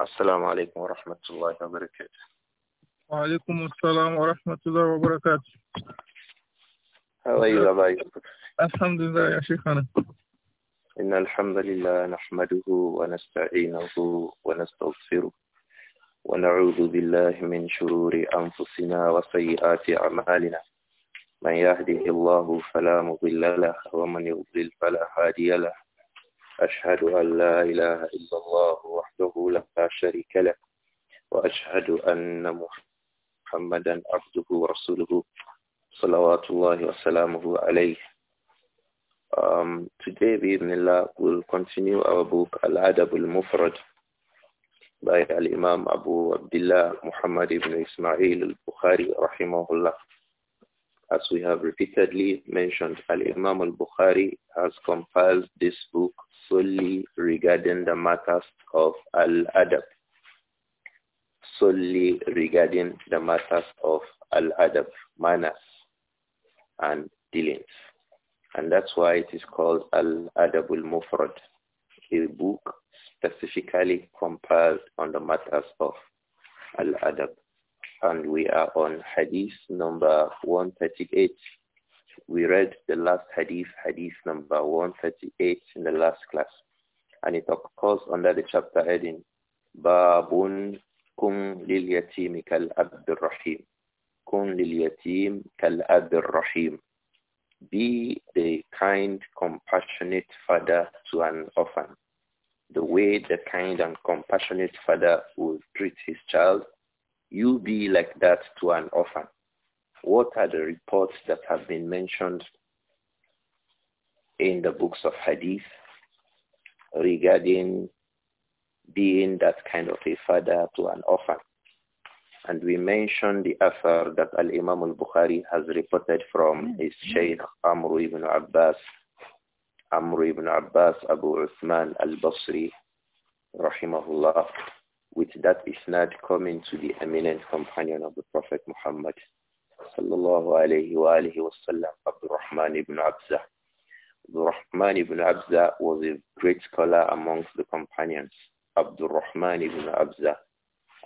السلام عليكم ورحمة الله وبركاته وعليكم السلام ورحمة الله وبركاته How are you, الحمد لله يا شيخنا إن الحمد لله نحمده ونستعينه ونستغفره ونعوذ بالله من شرور أنفسنا وسيئات أعمالنا من يهده الله فلا مضل له ومن يضلل فلا هادي له أشهد أن لا إله إلا الله وحده لا شريك له وأشهد أن محمدا عبده ورسوله صلوات الله وسلامه عليه um, Today بإذن الله we'll continue our book Al-Adab Al-Mufrad by Al-Imam Abu Abdullah Muhammad ibn Ismail Al-Bukhari rahimahullah as we have repeatedly mentioned, Al-Imam al-Bukhari has compiled this book solely regarding the matters of al-adab. Solely regarding the matters of al-adab, manners and dealings. And that's why it is called Al-Adabul Mufrad, a book specifically compiled on the matters of Al-Adab. And we are on Hadith number 138. We read the last hadith, hadith number 138 in the last class. And it occurs under the chapter heading, Babun Kum Lil Yatim Kal Abdur Rahim. Kun Lil Yatim Kal Abdur Rahim. Be the kind, compassionate father to an orphan. The way the kind and compassionate father will treat his child, you be like that to an orphan what are the reports that have been mentioned in the books of hadith regarding being that kind of a father to an orphan? And we mentioned the affair that Al-Imam al-Bukhari has reported from mm-hmm. his Shaykh Amr ibn Abbas, Amr ibn Abbas Abu Uthman al-Basri, rahimahullah, with that isnad coming to the eminent companion of the Prophet Muhammad sallallahu alayhi wa alihi wasallam, Abdurrahman ibn Abza. Abdurrahman ibn Abza was a great scholar amongst the companions, Abdurrahman ibn Abza.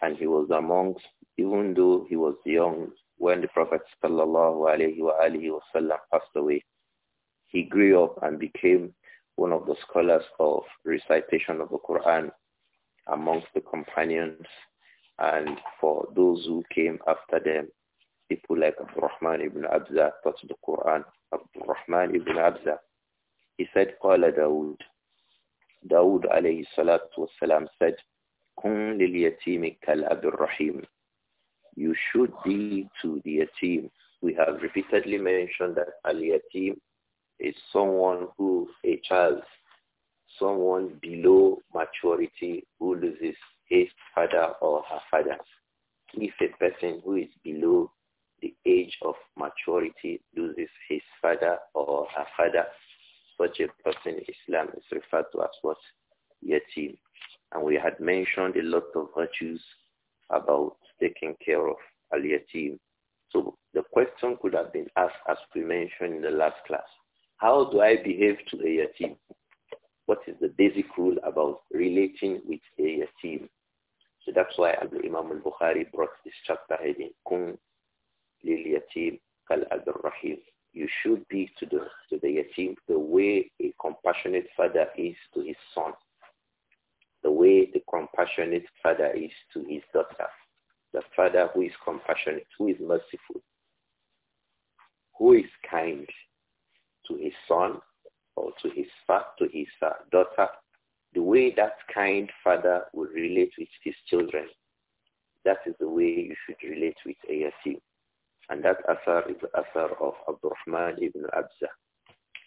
And he was amongst, even though he was young, when the Prophet sallallahu alayhi wasallam passed away, he grew up and became one of the scholars of recitation of the Quran amongst the companions and for those who came after them people like Rahman ibn Abza taught the Quran. Rahman ibn Abza, he said, Qala Dawood. Dawood alayhi salatu wasalam said, Kun lil yatimi kal rahim. You should be to the yatim. We have repeatedly mentioned that al yatim is someone who, a child, someone below maturity who loses his father or her father. If a person who is below the age of maturity loses his father or her father, such a person in Islam is referred to as what? Yatim. And we had mentioned a lot of virtues about taking care of al-yatim. So the question could have been asked as we mentioned in the last class. How do I behave to a yatim? What is the basic rule about relating with a yatim? So that's why Imam al-Bukhari brought this chapter heading, Kun you should be to the, to the yatim the way a compassionate father is to his son, the way the compassionate father is to his daughter, the father who is compassionate, who is merciful, who is kind to his son or to his, to his uh, daughter, the way that kind father would relate with his children, that is the way you should relate with a yatim. And that asar is the asar of Abdurrahman ibn Abza,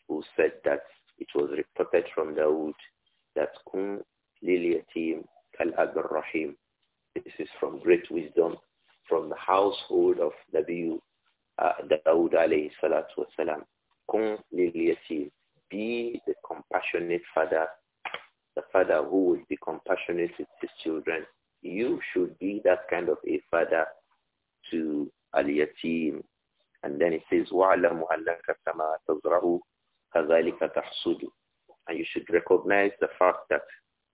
who said that it was reported from Dawood that kun umm lil Al rahim. This is from great wisdom from the household of Nabi uh, Dawood alayhi salatu wasalam. Kun umm lil Be the compassionate father, the father who will be compassionate with his children. You should be that kind of a father to اليتيم And then it says, وَعْلَمُ أَنَّكَ كَمَا تَزْرَهُ كَذَلِكَ تَحْصُدُ And you should recognize the fact that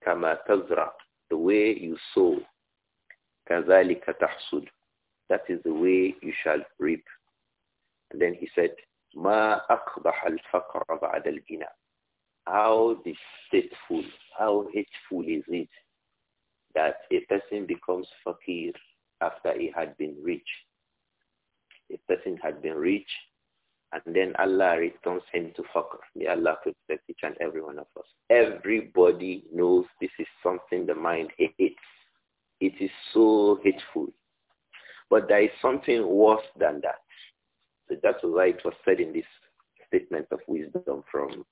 كَمَا تَزْرَ The way you sow, كَذَلِكَ تَحْصُدُ That is the way you shall reap. And then he said, مَا أَقْبَحَ الْفَقْرَ بَعْدَ الْغِنَى How distasteful, how hateful is it that a person becomes fakir after he had been rich? a person had been rich and then Allah returns him to fakr. May Allah protect each and every one of us. Everybody knows this is something the mind hates. It is so hateful. But there is something worse than that. So that's why it was said in this statement of wisdom from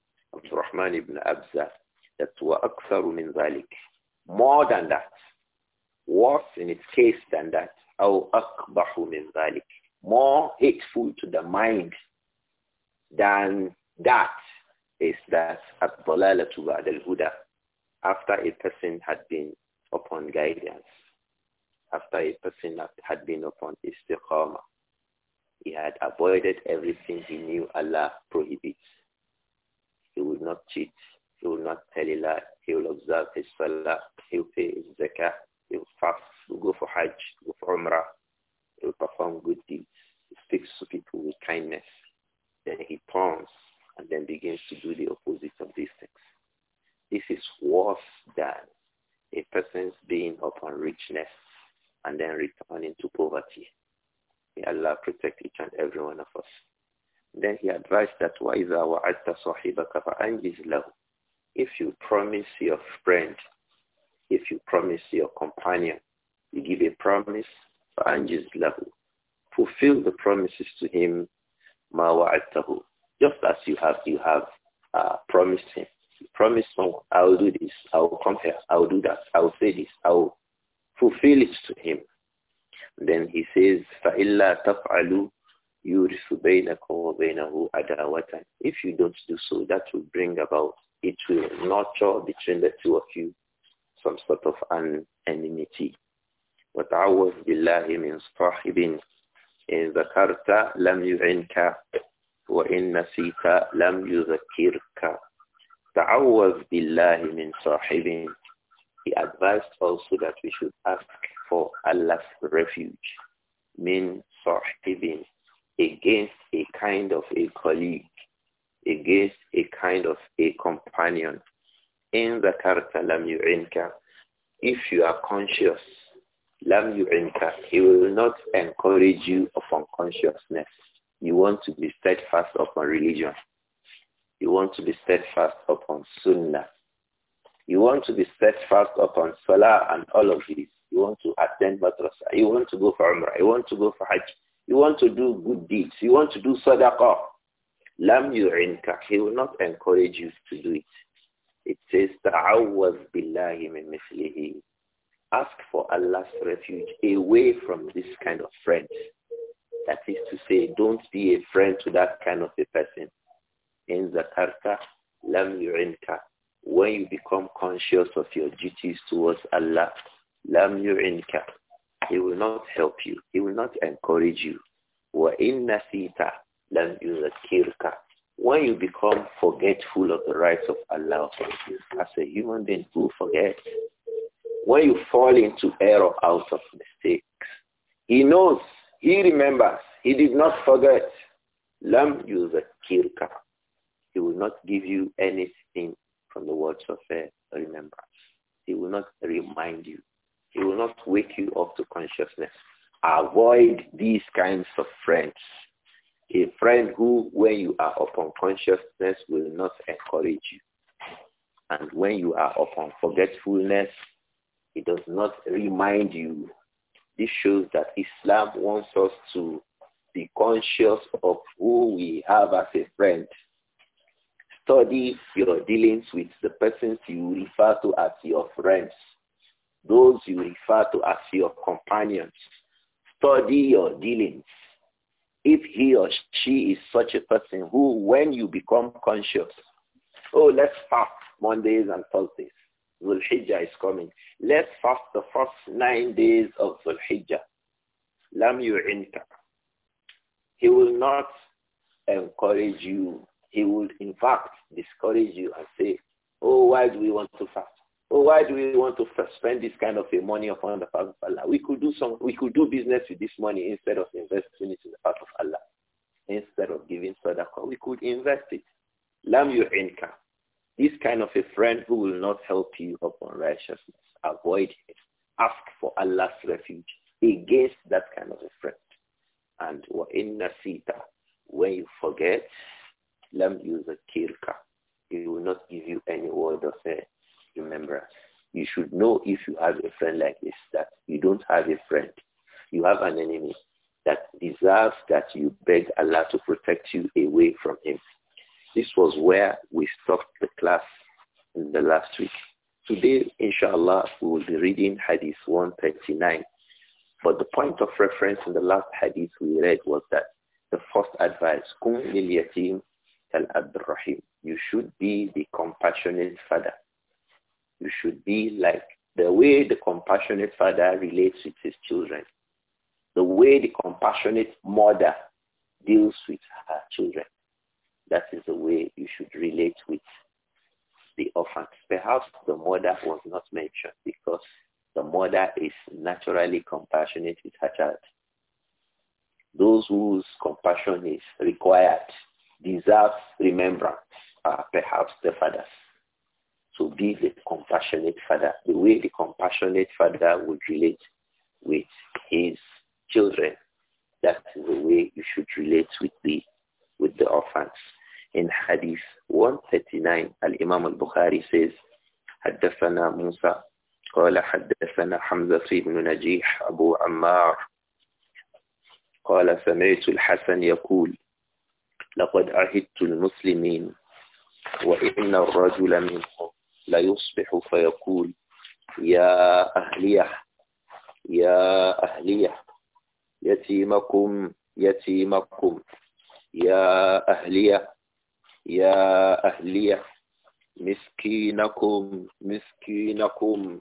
Rahman ibn Abza that وَأَكْثَرُ مِنْ ذَلِكَ More than that. Worse in its case than that. أَوْ أَكْبَحُ مِنْ ذَلِكَ more hateful to the mind than that is that at-dalalatu ba'da huda after a person had been upon guidance, after a person had been upon istiqama, He had avoided everything he knew Allah prohibits. He will not cheat. He will not tell a lie. He will observe his salah. He will pay his zakah. He will fast. He will go for hajj. He will go for umrah. He will perform good deeds speaks to people with kindness. Then he turns and then begins to do the opposite of these things. This is worse than a person's being upon richness and then returning to poverty. May Allah protect each and every one of us. Then he advised that وَإِذَا وَعَدْتَ صَحِبَكَ فَأَنْجِزْ لَهُ If you promise your friend, if you promise your companion, you give a promise, فَأَنْجِزْ لَهُ fulfill the promises to him, ma wa'adtahu. Just as you have, you have uh, promised him. You promised someone, I will do this, I will come here, I will do that, I will say this, I will fulfill it to him. Then he says, فَإِلَّا تَفْعَلُوا يُرِثُ بَيْنَكُمْ وَبَيْنَهُ adawatan. If you don't do so, that will bring about, it will nurture between the two of you some sort of an enmity. وَتَعَوَّذْ بِاللَّهِ مِنْ صَاحِبٍ إن ذكرت لم يعنك وإن نسيت لم يذكرك تعوذ بالله من صاحب He advised also that we should ask for Allah's refuge min sahibin against a kind of a colleague, against a kind of a companion. In the lam yu'inka, if you are conscious Lam yu'inka. He will not encourage you upon consciousness. You want to be steadfast upon religion. You want to be steadfast upon sunnah. You want to be steadfast upon salah and all of these. You want to attend madrasa. You want to go for umrah. You want to go for hajj. You want to do good deeds. You want to do sadaqah. Lam yu'inka. He will not encourage you to do it. It says, ta'awwaz billahi min mithlihi ask for Allah's refuge away from this kind of friends. That is to say, don't be a friend to that kind of a person. In zakarta, lam yurinka. When you become conscious of your duties towards Allah, lam yurinka. He will not help you. He will not encourage you. Wa in nasita, lam yuzakirka. When you become forgetful of the rights of Allah, as a human being who forgets, when you fall into error out of mistakes, he knows, he remembers, he did not forget. Lam Kirka, He will not give you anything from the words of uh, remembrance. He will not remind you. He will not wake you up to consciousness. Avoid these kinds of friends. A friend who, when you are upon consciousness, will not encourage you. And when you are upon forgetfulness, it does not remind you. This shows that Islam wants us to be conscious of who we have as a friend. Study your dealings with the persons you refer to as your friends, those you refer to as your companions. Study your dealings. If he or she is such a person who, when you become conscious, oh, let's fast Mondays and Thursdays. Zulhijjah is coming. Let's fast the first nine days of Zulhijjah. Lam yu'inka. He will not encourage you. He will, in fact, discourage you and say, oh, why do we want to fast? Oh, why do we want to spend this kind of money upon the path of Allah? We could do some, we could do business with this money instead of investing it in the path of Allah, instead of giving sadaqah. We could invest it. Lam yu'inka. This kind of a friend who will not help you upon righteousness avoid it. Ask for Allah's refuge against that kind of a friend. And in nasita, when you forget, lam yuzakirka. He will not give you any word of remembrance. You should know if you have a friend like this that you don't have a friend. You have an enemy that deserves that you beg Allah to protect you away from him. This was where we stopped the class in the last week. Today, inshallah, we will be reading Hadith 139. But the point of reference in the last Hadith we read was that the first advice, Kun lil yatim al Rahim. You should be the compassionate father. You should be like the way the compassionate father relates with his children. The way the compassionate mother deals with her children. That is the way you should relate with the orphans. Perhaps the mother was not mentioned because the mother is naturally compassionate with her child. Those whose compassion is required deserve remembrance are perhaps the fathers. So be the compassionate father, the way the compassionate father would relate with his children. That is the way you should relate with the, with the orphans. In Hadith 139, Al-Imam al-Bukhari says, حدثنا موسى قال حدثنا حمزة بن نجيح أبو عمار قال سمعت الحسن يقول لقد عهدت المسلمين وإن الرجل منهم ليصبح فيقول يا أهلية يا أهلية يتيمكم يتيمكم يا أهلية يا أهلية مسكينكم مسكينكم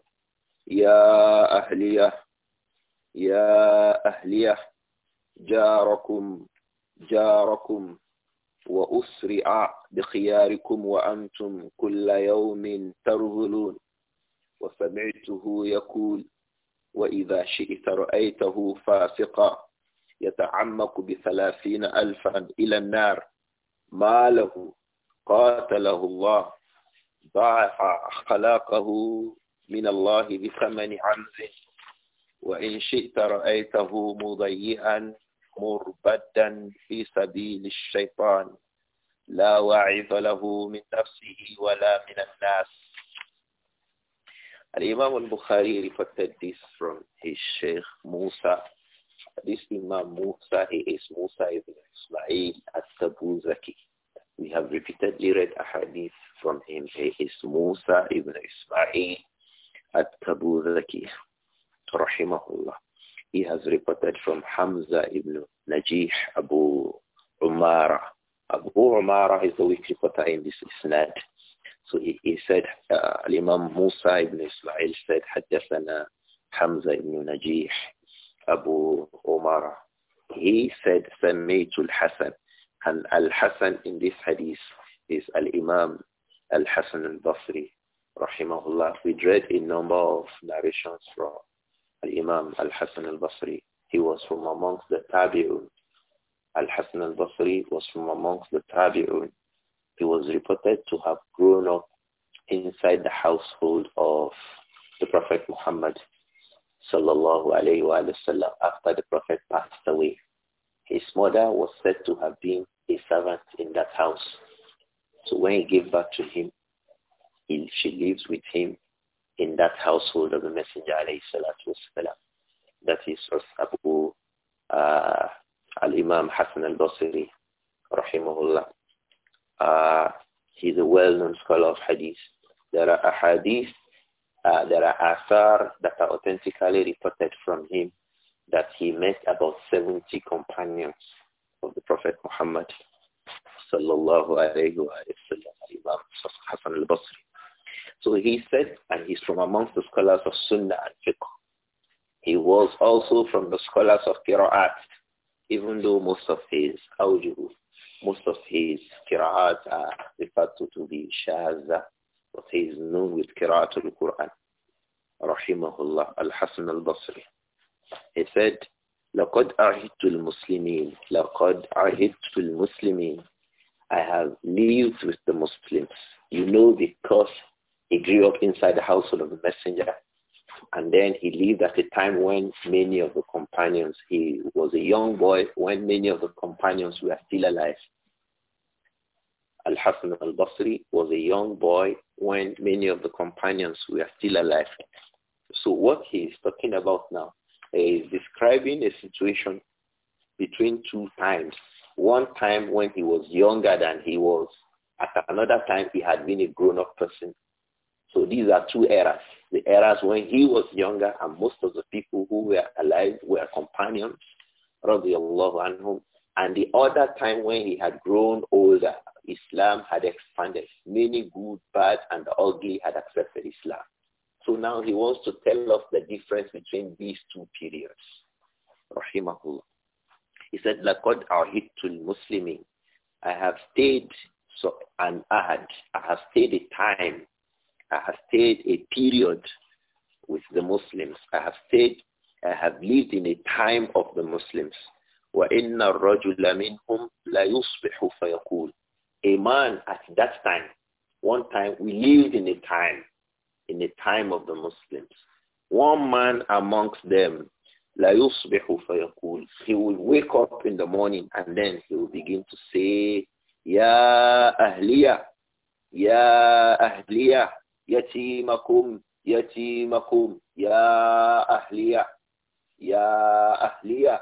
يا أهلية يا أهلية جاركم جاركم وأسرع بخياركم وأنتم كل يوم ترغلون وسمعته يقول وإذا شئت رأيته فاسقا يتعمق بثلاثين ألفا إلى النار ماله قاتله الله ضاعف خلاقه من الله بثمن عنز وإن شئت رأيته مضيئا مربدا في سبيل الشيطان لا واعظ له من نفسه ولا من الناس الإمام البخاري reported this from his Musa This Imam Musa, he is Musa ibn Ismail at-Tabuzaki. We have repeatedly read a hadith from him. He is Musa ibn Ismail at-Tabuzaki, rahimahullah. He has reported from Hamza ibn Najih Abu Umara. Abu Umara is the weak reporter in this isnad. So he, he said, uh, Imam Musa ibn Ismail said, حدثنا حمزة ibn Najih Abu Omar. He said, Samitul Hassan. And Al-Hassan in this hadith is Al-Imam Al-Hassan al-Basri, rahimahullah. We read a number of narrations from Al-Imam Al-Hassan al-Basri. He was from amongst the Tabi'un. Al-Hassan al-Basri was from amongst the Tabi'un. He was reported to have grown up inside the household of the Prophet Muhammad sallallahu alayhi wa sallam after the Prophet passed away. His mother was said to have been a servant in that house. So when he gave back to him, he, she lives with him in that household of the Messenger alayhi salatu wasallam. That is Abu uh, Al-Imam Hassan al-Basri, rahimahullah. Uh, he's a well-known scholar of hadith. There are hadiths uh, there are asar that are authentically reported from him that he met about 70 companions of the Prophet Muhammad sallallahu alayhi wa Hassan al-Basri. So he said, and he's from amongst the scholars of Sunnah and Fiqh. He was also from the scholars of Qira'at, even though most of his awjuh, most of his Qira'at are referred to, to be Shaza. But he is known with the Quran. Rahimahullah Al-Hasan Al-Basri. He said, لَقَدْ أَعْهِدْتُ الْمُسْلِمِينَ لَقَدْ أَعْهِدْتُ الْمُسْلِمِينَ I have lived with the Muslims. You know because he grew up inside the household of the messenger. And then he lived at a time when many of the companions, he was a young boy when many of the companions were still alive. Al-Hassan al-Basri was a young boy when many of the companions were still alive. So what he is talking about now is describing a situation between two times. One time when he was younger than he was. At another time, he had been a grown-up person. So these are two eras. The eras when he was younger and most of the people who were alive were companions, radiallahu anhum. And the other time when he had grown older, Islam had expanded. Many good, bad, and ugly had accepted Islam. So now he wants to tell us the difference between these two periods. Rahimahullah. He said, لَقَدْ أَعْهِدْتُ Muslimin. I have stayed so, an ahad. I have stayed a time. I have stayed a period with the Muslims. I have stayed, I have lived in a time of the Muslims. وَإِنَّ الرَّجُلَ مِنْهُمْ لَيُصْبِحُ فَيَقُولُ a man at that time, one time, we lived in a time, in a time of the Muslims. One man amongst them, la yusbihu fayakul, he will wake up in the morning and then he will begin to say, Ya ahliya, Ya ahliya, yatimakum, yatimakum, Ya ahliya, Ya ahliya,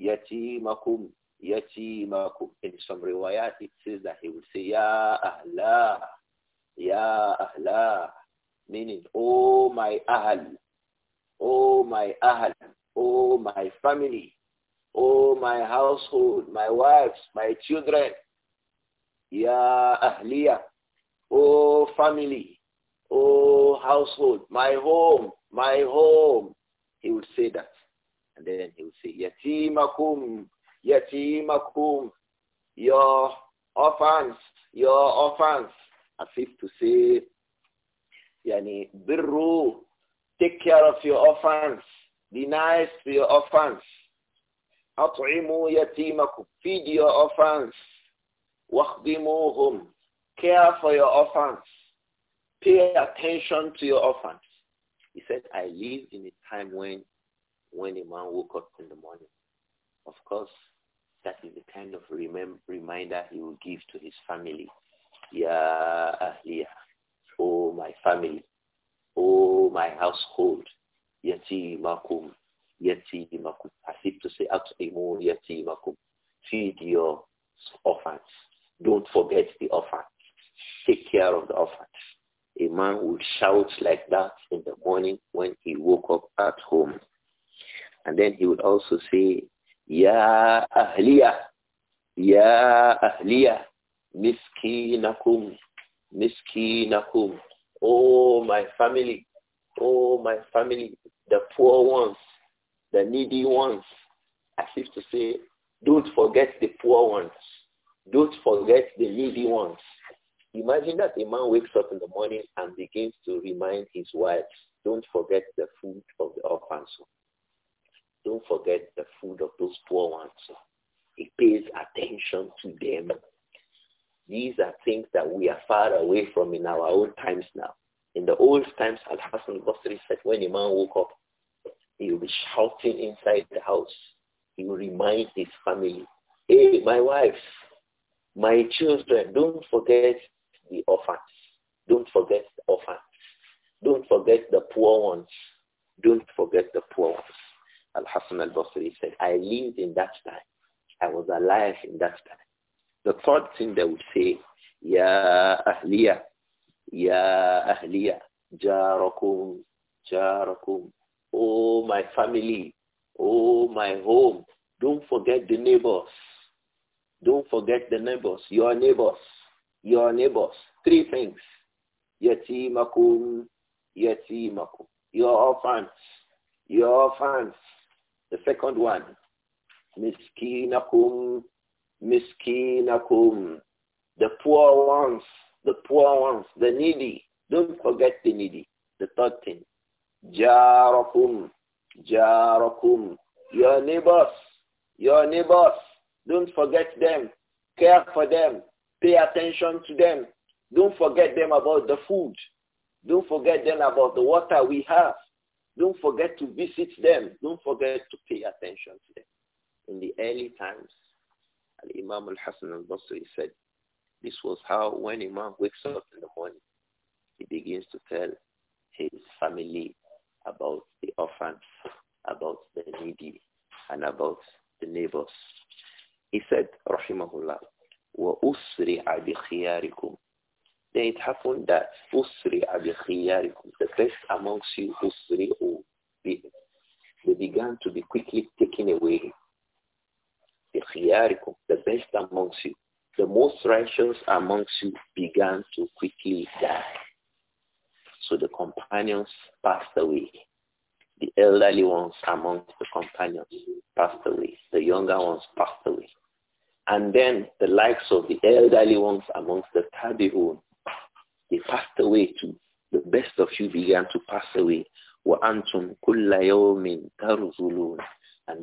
yatimakum, yatimakum. In some riwayat, it says that he would say, Ya ahla, Ya ahla, meaning, Oh my ahl, Oh my ahl, Oh my family, Oh my household, my wives, my children, Ya ahliya, Oh family, Oh household, my home, my home. He would say that. And then he would say, Yatimakum, Yatimakum, your orphans, your orphans, as if to say, yani, birru, take care of your orphans, be nice to your orphans. At'imu yatimakum, feed your orphans. Wakhdimuhum, care for your orphans. Pay attention to your orphans. He said, I live in a time when, when a man woke up in the morning of course, that is the kind of remem- reminder he will give to his family. Ya ahliya, oh my family, oh my household, Yati makum. I if to say, Yati makum. Feed your orphans. Don't forget the orphans. Take care of the orphans. A man would shout like that in the morning when he woke up at home. And then he would also say, يا أهلية يا أهلية مسكينكم مسكينكم Oh, my family, oh, my family, the poor ones, the needy ones. As if to say, don't forget the poor ones. Don't forget the needy ones. Imagine that a man wakes up in the morning and begins to remind his wives, don't forget the food of the orphans don't forget the food of those poor ones. He pays attention to them. These are things that we are far away from in our old times now. In the old times, Al-Hassan Basri said when a man woke up, he would be shouting inside the house. He would remind his family, hey, my wife, my children, don't forget the orphans. Don't forget the orphans. Don't forget the poor ones. Don't forget the poor ones. Al-Hassan al-Basri said, I lived in that time. I was alive in that time. The third thing they would say, Ya Ahliya, Ya Ahliya, Jarakum, Jarakum. Oh, my family. Oh, my home. Don't forget the neighbors. Don't forget the neighbors, your neighbors, your neighbors. Three things. Yatimakum, Yatimakum. Your orphans, your orphans, the second one, miskinakum, miskinakum. The poor ones, the poor ones, the needy. Don't forget the needy. The third thing, jarakum, jarakum. Your neighbors, your neighbors. Don't forget them. Care for them. Pay attention to them. Don't forget them about the food. Don't forget them about the water we have. Don't forget to visit them. Don't forget to pay attention to them. In the early times, Imam al-Hassan al-Basri said, this was how when Imam wakes up in the morning, he begins to tell his family about the orphans, about the needy, and about the neighbors. He said, Rahimahullah, وَأُسْرِعَ بِخِيَارِكُمْ it happened that Usri Abiyarikum, the best amongst you, Usri they began to be quickly taken away. The best amongst you, the most righteous amongst you began to quickly die. So the companions passed away. The elderly ones amongst the companions passed away. The younger ones passed away. And then the likes of the elderly ones amongst the Tabi'un. They passed away too. The best of you began to pass away. And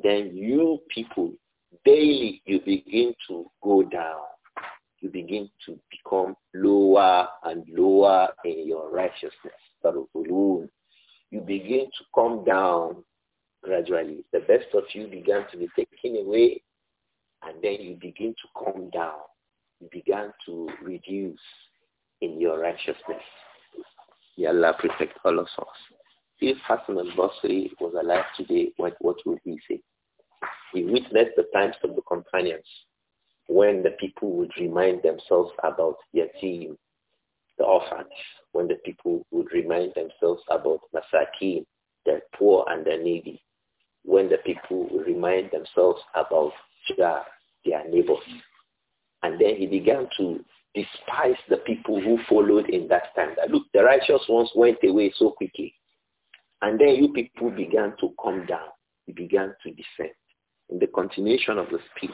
then you people, daily you begin to go down. You begin to become lower and lower in your righteousness. You begin to come down gradually. The best of you began to be taken away and then you begin to come down. You began to reduce in your righteousness. May Allah protect all of us. If Hassan al-Basri was alive today, what, what would he say? He witnessed the times of the companions when the people would remind themselves about Yatim, the orphans, when the people would remind themselves about Masakin, the poor and the needy, when the people would remind themselves about Jar, their neighbors. And then he began to despised the people who followed in that time. look, the righteous ones went away so quickly. And then you people began to come down. You began to descend. In the continuation of the speech,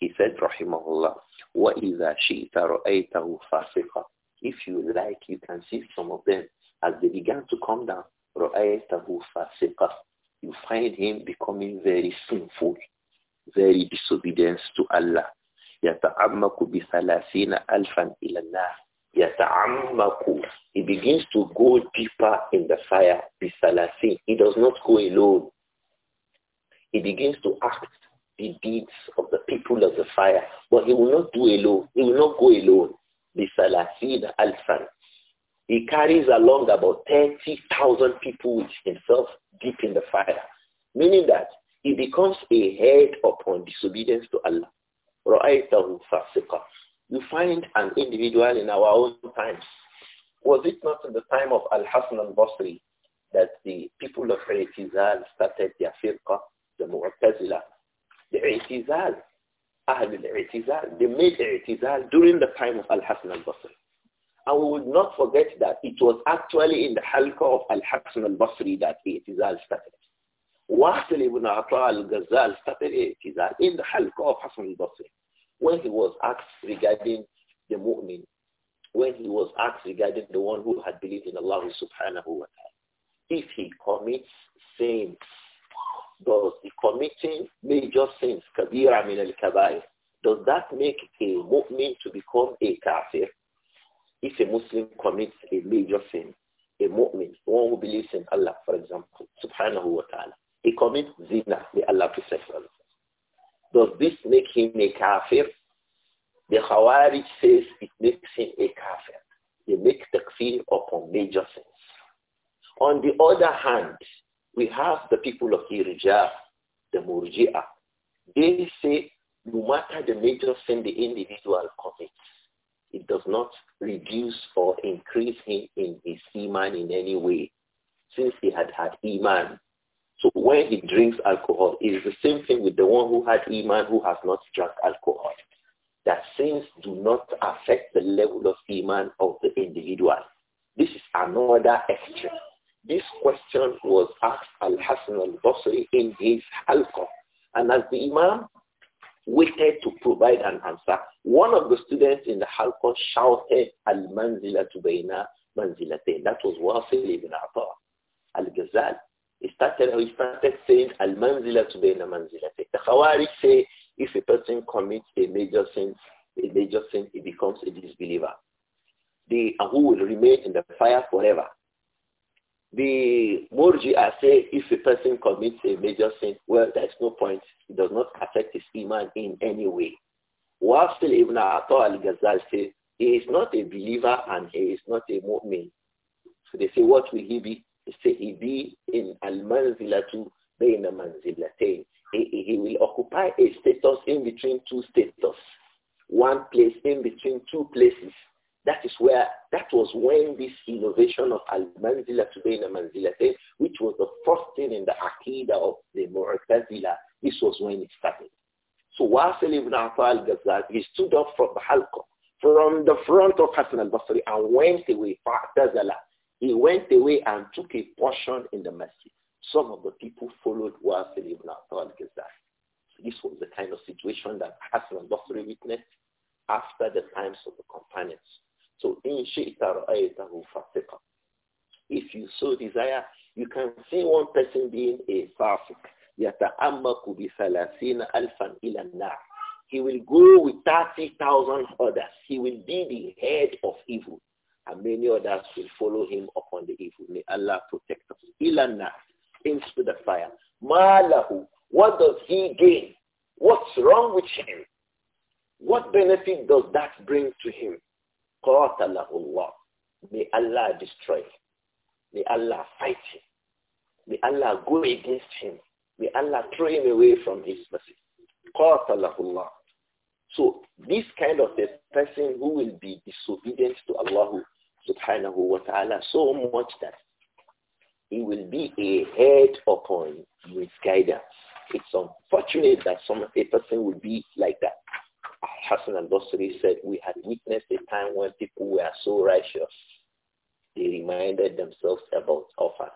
he said, Rahimahullah, وَإِذَا شِئْتَ رَأَيْتَهُ فَاسِقًا If you like, you can see some of them as they began to come down. رَأَيْتَهُ فَاسِقًا You find him becoming very sinful, very disobedience to Allah. يَتَعَمَّكُ بِثَلَاثِينَ أَلْفًا إِلَى النَّارِ يَتَعَمَّكُ He begins to go deeper in the fire, بِثَلَاثِينَ He does not go alone. He begins to act the deeds of the people of the fire, but he will not do alone. He will not go alone. بِثَلَاثِينَ أَلْفًا He carries along about 30,000 people with himself deep in the fire, meaning that he becomes a head upon disobedience to Allah. رَأَيْتَهُ You find an individual in our own times. Was it not in the time of al Hassan al-Basri that the people of I'tizal started their firqa, the Mu'tazila? The I'tizal, Ahl al-I'tizal, they made I'tizal during the time of al Hassan al-Basri. And we would not forget that it was actually in the halqa of al Hassan al-Basri that I'tizal started. Waqil ibn Atta al-Ghazal started a in the halqa of Hassan al when he was asked regarding the mu'min, when he was asked regarding the one who had believed in Allah subhanahu wa ta'ala. If he commits sins, does the committing major sins, kabira min al-kabair, does that make a mu'min to become a kafir? If a Muslim commits a major sin, a mu'min, one who believes in Allah, for example, subhanahu wa ta'ala, he commits zina. The Allah protect Does this make him a kafir? The Khawarij says it makes him a kafir. They make takfir upon major sins. On the other hand, we have the people of Irija, the Murji'a. They say no matter the major sin the individual commits, it does not reduce or increase him in his iman in any way. Since he had had iman, so when he drinks alcohol, it is the same thing with the one who had Iman who has not drunk alcohol. That sins do not affect the level of Iman of the individual. This is another extreme. This question was asked Al-Hassan al-Basri in his halqa. And as the Imam waited to provide an answer, one of the students in the halqa shouted, Al-Manzilatu Bayna Manzilatain. That was Wasil ibn Atta al-Ghazal. He started, he started saying, Al-Manzila Tubayna Manzila. The Khawarij say, if a person commits a major sin, a major sin, he becomes a disbeliever. The, who will remain in the fire forever. The I say, if a person commits a major sin, well, there's no point. It does not affect his iman in any way. Wafsil ibn Atta al-Ghazal say, he is not a believer and he is not a mu'min. So they say, what will he be? Sehidi in al-manzilatu bayna manzilatayn. He will occupy a status in between two status, one place in between two places. That is where, that was when this innovation of al-manzila to bayna manzilatayn, which was the first thing in the aqidah of the Mu'tazila, this was when it started. So Wasil ibn Afa al-Ghazal, he stood up from the halqa, from the front of Hassan al-Basri and went away, فَاعْتَزَلَ he went away and took a portion in the masjid. Some of the people followed Wasil ibn Atal Ghazal. this was the kind of situation that Hassan al-Basri witnessed after the times of the companions. So in If you so desire, you can see one person being a fasiq. He will go with 30,000 others. He will be the head of evil and many others will follow him upon the evil. May Allah protect us. Ilana things to the fire. Malahu, what does he gain? What's wrong with him? What benefit does that bring to him? Allah. May Allah destroy him. May Allah fight him. May Allah go against him. May Allah throw him away from his mercy. Allah. So this kind of a person who will be disobedient to Allah subhanahu wa ta'ala so much that he will be a head upon guidance. It's unfortunate that some a person will be like that. Hassan al-Basri said, we had witnessed a time when people were so righteous. They reminded themselves about offers.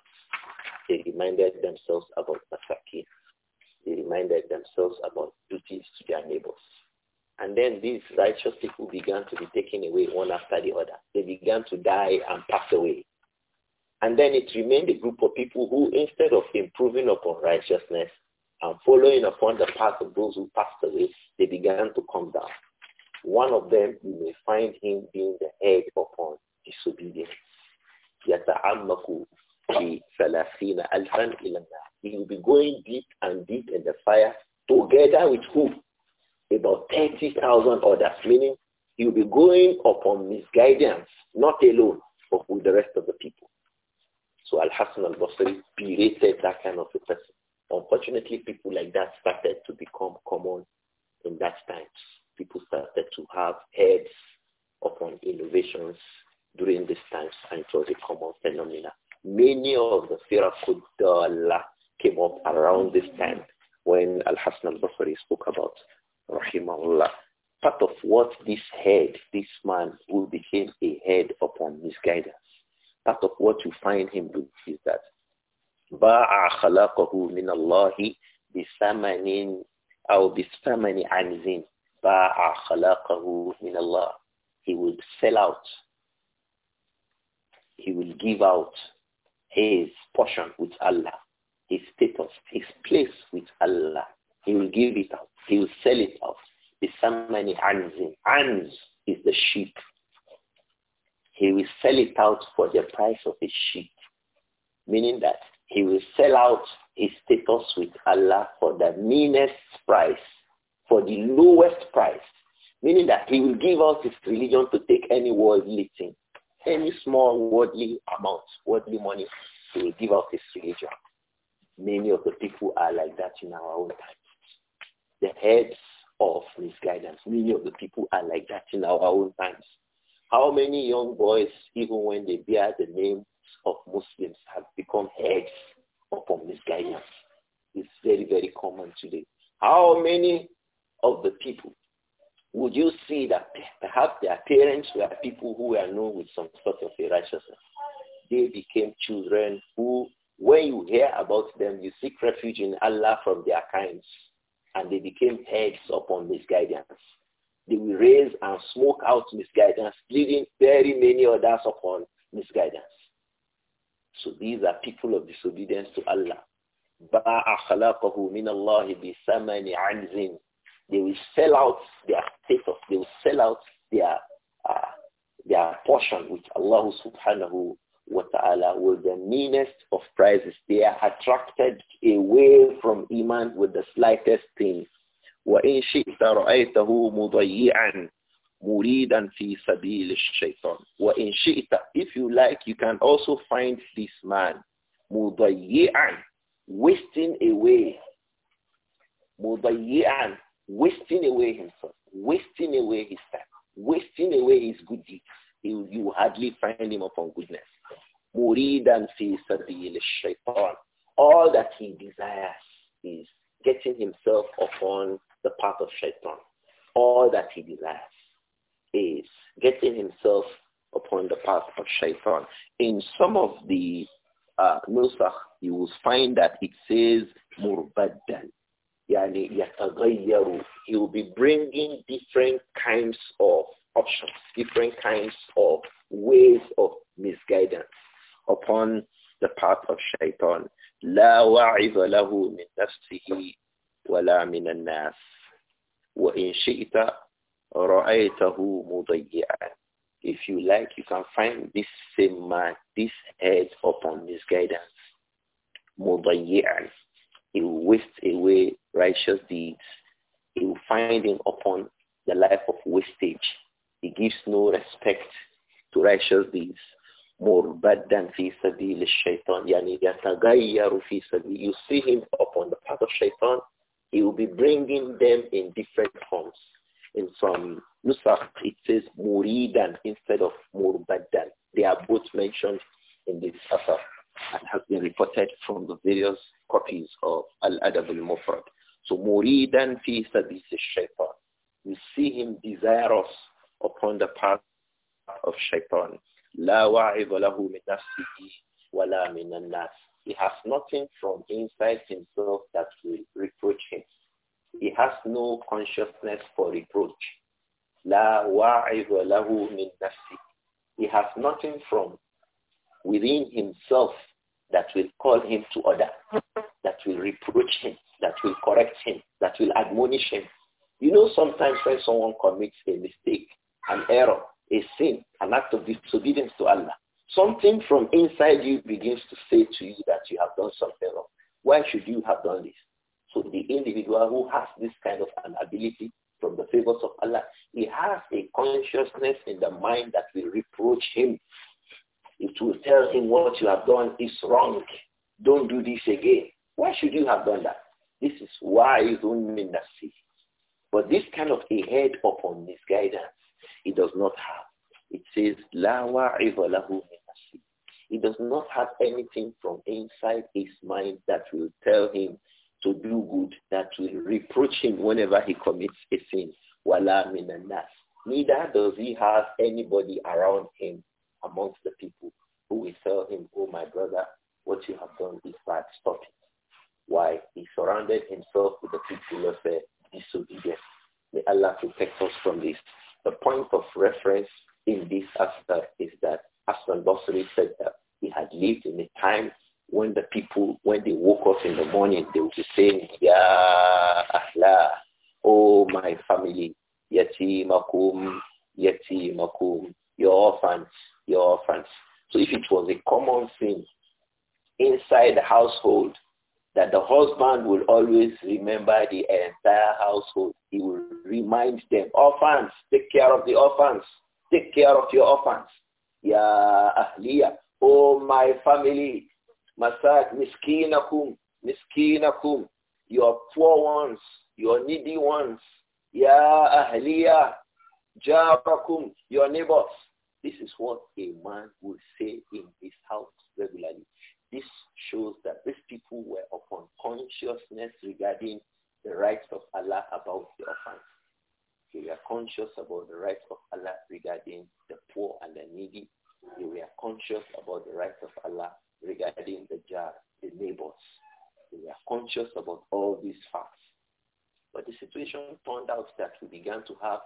They reminded themselves about masakin. They reminded themselves about duties to their neighbors and then these righteous people began to be taken away one after the other. They began to die and pass away. And then it remained a group of people who, instead of improving upon righteousness and following upon the path of those who passed away, they began to come down. One of them, you may find him being the head upon disobedience. He will be going deep and deep in the fire together with who? about 30,000 others, meaning you'll be going upon misguidance, not alone, but with the rest of the people. So Al-Hassan al-Basri berated that kind of a person. Unfortunately, people like that started to become common in that time. People started to have heads upon innovations during these times, and it was a common phenomenon. Many of the Firakudallah came up around this time when Al-Hassan al-Basri spoke about rahimahullah, part of what this head, this man who became a head upon misguidance, part of what you find him do is that باع خلقه من الله بثمن أو بثمن عنز باع khalaqahu min Allah. he will sell out he will give out his portion with Allah his status his place with Allah he will give it out he will sell it off. Bisamani anzin. Anz is the sheep. He will sell it out for the price of a sheep, meaning that he will sell out his status with Allah for the meanest price, for the lowest price, meaning that he will give out his religion to take any worldly thing, any small worldly amount, worldly money, he will give out his religion. Many of the people are like that in our own time the heads of misguidance. Many of the people are like that in our own times. How many young boys, even when they bear the names of Muslims, have become heads upon misguidance? It's very, very common today. How many of the people would you see that perhaps their parents were people who were known with some sort of a righteousness? They became children who, when you hear about them, you seek refuge in Allah from their kinds and they became heads upon misguidance. They will raise and smoke out misguidance, leading very many others upon misguidance. So these are people of disobedience to Allah. They will sell out their status. They will sell out their, uh, their portion with Allah subhanahu wa ta'ala with the meanest of prizes. They are attracted away from Iman with the slightest thing. وَإِن شِئْتَ رَأَيْتَهُ مُضَيِّعًا مُرِيدًا فِي سَبِيلِ الشَّيْطَانِ وَإِن شِئْتَ If you like, you can also find this man مُضَيِّعًا wasting away مُضَيِّعًا wasting away himself, wasting away his time, wasting away his good deeds. You hardly find him upon goodness muridan fi sabil shaitan. All that he desires is getting himself upon the path of shaitan. All that he desires is getting himself upon the path of shaitan. In some of the uh, you will find that it says murbaddan. Yani yatagayyaru. He will be bringing different kinds of options, different kinds of ways of misguidance upon the path of shaitan. لا واعظ له من نفسه ولا من الناس وإن شئت رأيته مُضَيِّعًا. If you like, you can find this same man, this head upon this guidance, مُضَيِّعًا. He will waste away righteous deeds. He will find him upon the life of wastage. He gives no respect to righteous deeds murbadan fi sabil shaitan yani yataghayyaru fi sabil you see him upon the path of shaitan he will be bringing them in different forms in some nusakh it says muridan instead of murbadan they are both mentioned in this asar and has been reported from the various copies of al-adab al-mufrad so muridan fi sabil shaitan you see him desirous upon the path of shaitan لا واعظ له من نفسه ولا من الناس. He has nothing from inside himself that will reproach him. He has no consciousness for reproach. لا واعظ له من نفسه. He has nothing from within himself that will call him to order, that will reproach him, that will correct him, that will admonish him. You know, sometimes when someone commits a mistake, an error, a sin, an act of disobedience to Allah. Something from inside you begins to say to you that you have done something wrong. Why should you have done this? So the individual who has this kind of an ability from the favors of Allah, he has a consciousness in the mind that will reproach him. It will tell him what you have done is wrong. Don't do this again. Why should you have done that? This is why you don't mean that. But this kind of a head upon misguidance he does not have. It says, La He does not have anything from inside his mind that will tell him to do good, that will reproach him whenever he commits a sin. Wala minanas. Neither does he have anybody around him amongst the people who will tell him, oh my brother, what you have done is bad, stop it. Why? He surrounded himself with the people of uh, disobedience. May Allah protect us from this. The point of reference in this aspect is that Hassan Basri said that he had lived in a time when the people, when they woke up in the morning, they would be saying, Ya Ahla, oh my family, yatimakum, Makum, Yati Makum, your orphans, your orphans. So if it was a common thing inside the household that the husband will always remember the entire household. He will remind them, orphans, take care of the orphans. Take care of your orphans. Ya ahliya, oh my family, masad miskinakum, miskinakum, your poor ones, your needy ones. Ya ahliya, kum, your neighbors. This is what a man will say in his house regularly. This shows that these people were upon consciousness regarding the rights of Allah about the orphans. They were conscious about the rights of Allah regarding the poor and the needy. They were conscious about the rights of Allah regarding the jar, the neighbors. They were conscious about all these facts. But the situation turned out that we began to have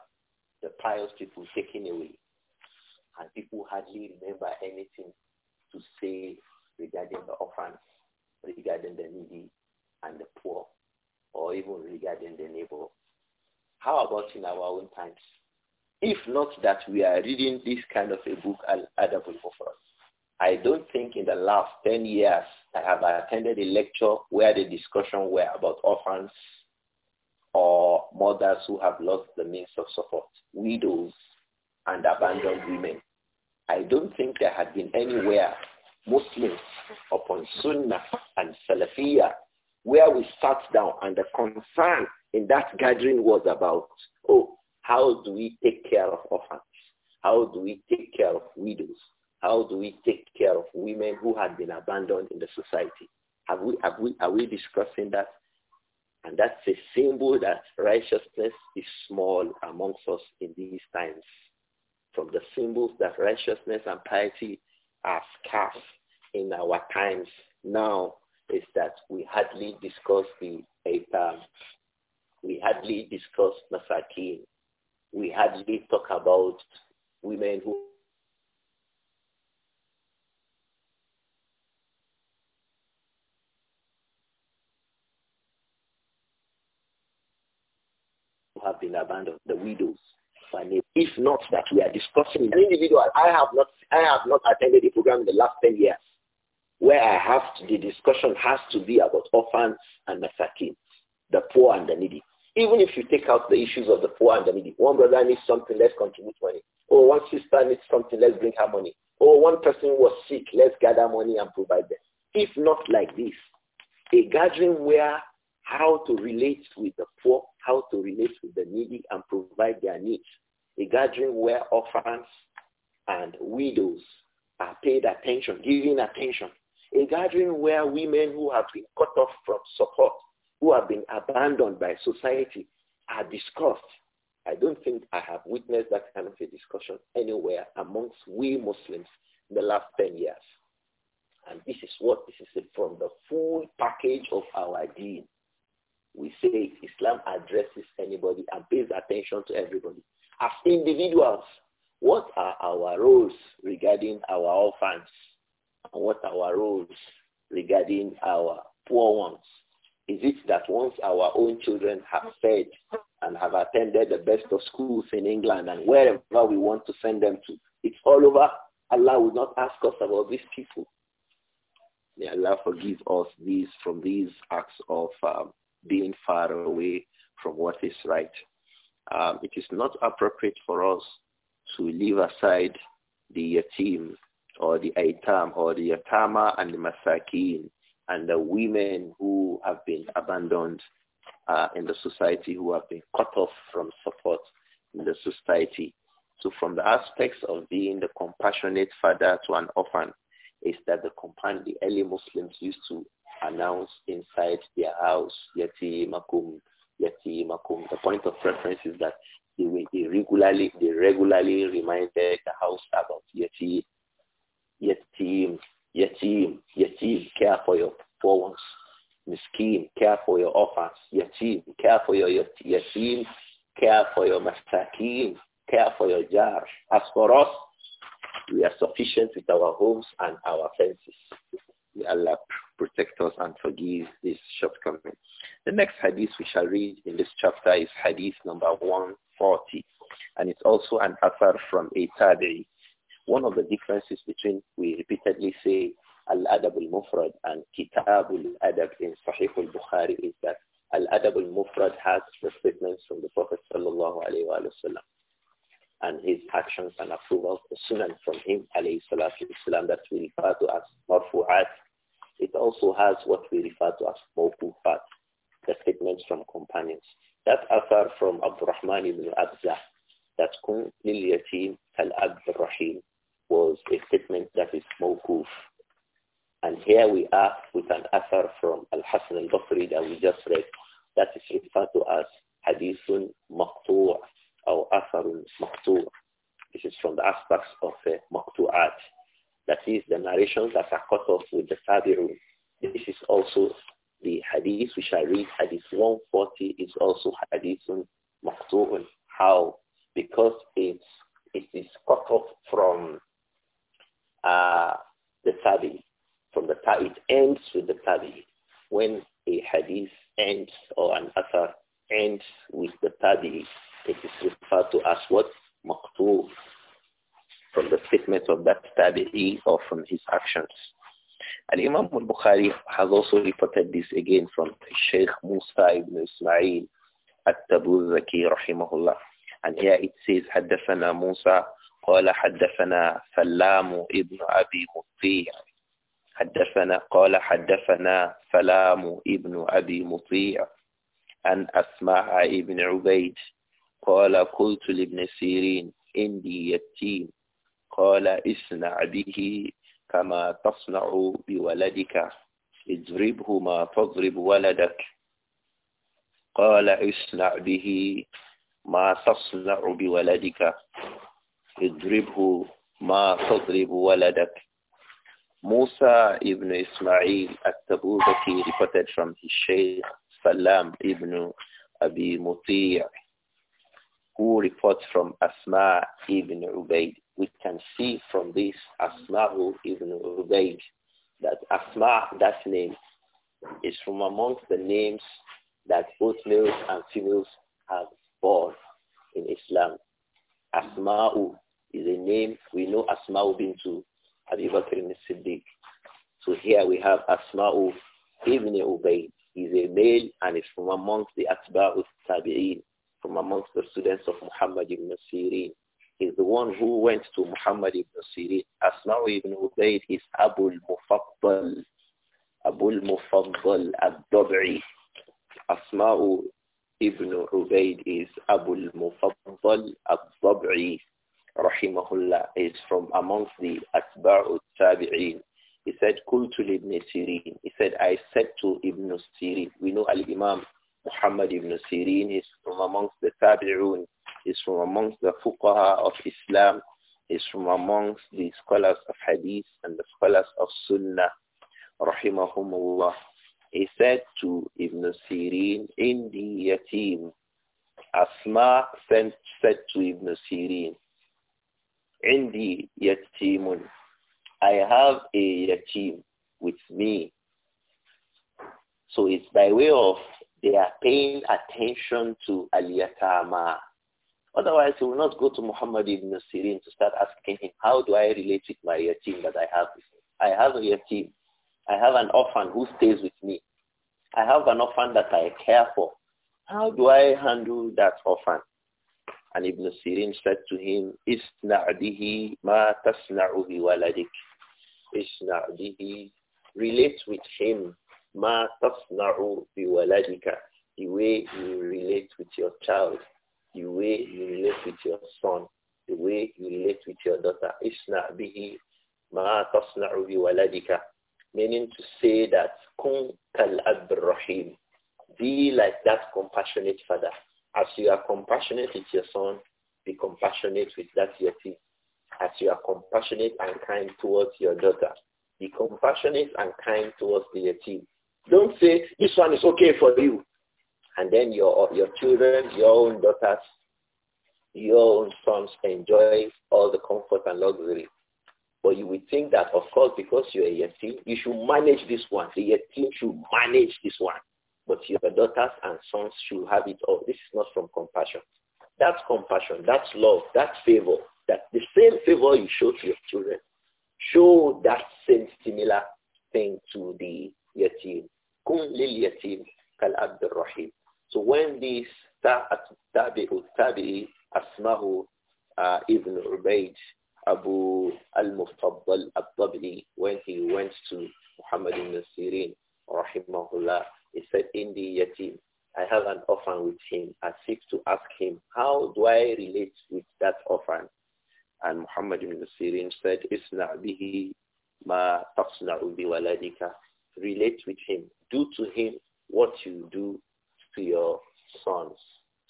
the pious people taken away. And people hardly remember anything to say regarding the orphans, regarding the needy and the poor, or even regarding the neighbor. How about in our own times? If not that we are reading this kind of a book, Al-Adab al I don't think in the last 10 years I have attended a lecture where the discussion were about orphans or mothers who have lost the means of support, widows and abandoned women. I don't think there had been anywhere Muslims upon Sunnah and Salafiyah, where we sat down and the concern in that gathering was about, oh, how do we take care of orphans? How do we take care of widows? How do we take care of women who had been abandoned in the society? Have we, have we, are we discussing that? And that's a symbol that righteousness is small amongst us in these times. From the symbols that righteousness and piety are scarce in our times now is that we hardly discuss the Aitam. We hardly discuss Masakin. We hardly talk about women who have been abandoned, the widows. If not that we are discussing an individual, I have not I have not attended a program in the last ten years where I have to, the discussion has to be about orphans and masakin, the poor and the needy. Even if you take out the issues of the poor and the needy, one brother needs something, let's contribute money. Or one sister needs something, let's bring her money. Or one person was sick, let's gather money and provide them. If not like this, a gathering where how to relate with the poor, how to relate with the needy and provide their needs. A gathering where orphans and widows are paid attention, given attention a gathering where women who have been cut off from support, who have been abandoned by society, are discussed. I don't think I have witnessed that kind of a discussion anywhere amongst we Muslims in the last 10 years. And this is what this is from the full package of our deen. We say Islam addresses anybody and pays attention to everybody. As individuals, what are our roles regarding our orphans? and what our roles regarding our poor ones. Is it that once our own children have fed and have attended the best of schools in England and wherever we want to send them to, it's all over. Allah will not ask us about these people. May Allah forgive us these from these acts of um, being far away from what is right. Um, it is not appropriate for us to leave aside the yatim or the aitam or the yatama and the masakin and the women who have been abandoned uh, in the society, who have been cut off from support in the society. So from the aspects of being the compassionate father to an orphan is that the companion, the early Muslims used to announce inside their house, Yati Makum, Yati Makum. The point of reference is that they, regularly, they regularly reminded the house about Yati team, your team. care for your poor ones. Miskin, care for your orphans. team. care for your team. care for your team. care for your jar. As for us, we are sufficient with our homes and our fences. May Allah protect us and forgive this shortcoming. The next hadith we shall read in this chapter is hadith number 140. And it's also an affair from a tabi'i one of the differences between, we repeatedly say, Al-Adab al-Mufrad and Kitab al-Adab in Sahih al-Bukhari is that Al-Adab al-Mufrad has the statements from the Prophet sallallahu alayhi wa and his actions and approvals, the sunan from him, alayhi salatu wasalam, that we refer to as marfu'at. It also has what we refer to as mawkufat, the statements from companions. That afar from Abdurrahman ibn Abza, that kun lil yatim al rahim was a statement that is mawkuf. And here we are with an author from al Hassan al-Basri that we just read that is referred to as hadithun maqtu' or atharun maqtu'. This is from the aspects of uh, maqtu'at. That is the narrations that are cut off with the tabi'un. This is also the hadith which I read, hadith 140 is also hadithun maqtu'un. How? Because it's, it is cut off from uh, the tabi, from the it ends with the tabi. When a hadith ends or an athar ends with the tabi, it is referred to as what maqtul from the statement of that tabi'i or from his actions. And Imam al-Bukhari has also reported this again from Sheikh Musa ibn Ismail at-Tabuzaki rahimahullah. And here it says, حدثنا موسى قال حدثنا سلام ابن أبي مطيع حدثنا قال حدثنا سلام ابن أبي مطيع أن أسماع ابن عبيد قال قلت لابن سيرين عندي يتيم قال اصنع به كما تصنع بولدك اضربه ما تضرب ولدك قال اصنع به ما تصنع بولدك اضربه ما تضرب ولدك Musa ibn Ismail that he reported from his Shaykh Salam ibn Abi Muti' who reports from Asma ibn Ubaid. We can see from this Asma ibn Ubaid that Asma, that name, is from amongst the names that both males and females have borne in Islam. Asma'u is a name. We know Asma'u bintu Abi Bakr siddiq So here we have Asma'u ibn Ubayd. He's a male and is from amongst the Atba'u Tabi'in, from amongst the students of Muhammad ibn Sirin. He's the one who went to Muhammad ibn Sirin. Asma'u ibn Ubayd is Abu al-Mufaddal. Abu al-Mufaddal al-Dab'i. Asma'u ibn Ubayd is Abu al-Mufaddal المفضل al رحمه is from amongst the al التابعين He said, قلت Ibn Sirin." He said, I said to Ibn Sirin. We know Al-Imam Muhammad Ibn Sirin is from amongst the Tabi'un. He's from amongst the Fuqaha of Islam. He's from amongst the scholars of Hadith and the scholars of Sunnah. Rahimahumullah. He said to Ibn Sirin, Indi yatim. Asma sent, said to Ibn Sirin, Indi yatimun. I have a yatim with me. So it's by way of they are paying attention to Aliyatama. Otherwise, he will not go to Muhammad ibn Sirin to start asking him, how do I relate with my yatim that I have? I have a yatim. I have an orphan who stays with me. I have an orphan that I care for. How do I handle that orphan? And Ibn Sirin said to him, Isna'dihi ma tasna'u bi waladik. Isna'dihi. Relate with him ma tasna'u bi waladika. The way you relate with your child, the way you relate with your son, the way you relate with your daughter. Isna'bihi ma tasna'u bi waladika. Meaning to say that kun kal rahim be like that compassionate father. As you are compassionate with your son, be compassionate with that your team. As you are compassionate and kind towards your daughter, be compassionate and kind towards the team. Don't say, this one is okay for you. And then your, your children, your own daughters, your own sons enjoy all the comfort and luxury. But you would think that, of course, because you're a team, you should manage this one. The team should manage this one but your daughters and sons should have it all. This is not from compassion. That's compassion, that's love, that's favor, that the same favor you show to your children, show that same similar thing to the yatim. Kun lil yatim kal rahim. So when this tabi'u tabi'i asmahu uh, Ibn Ubaid Abu al-Mufaddal al when he went to Muhammad ibn Sirin rahimahullah he said, Indi Yatim, I have an orphan with him. I seek to ask him, how do I relate with that orphan? And Muhammad ibn Sirin said, Isna bihi ma taqsna'u waladika. Relate with him. Do to him what you do to your sons,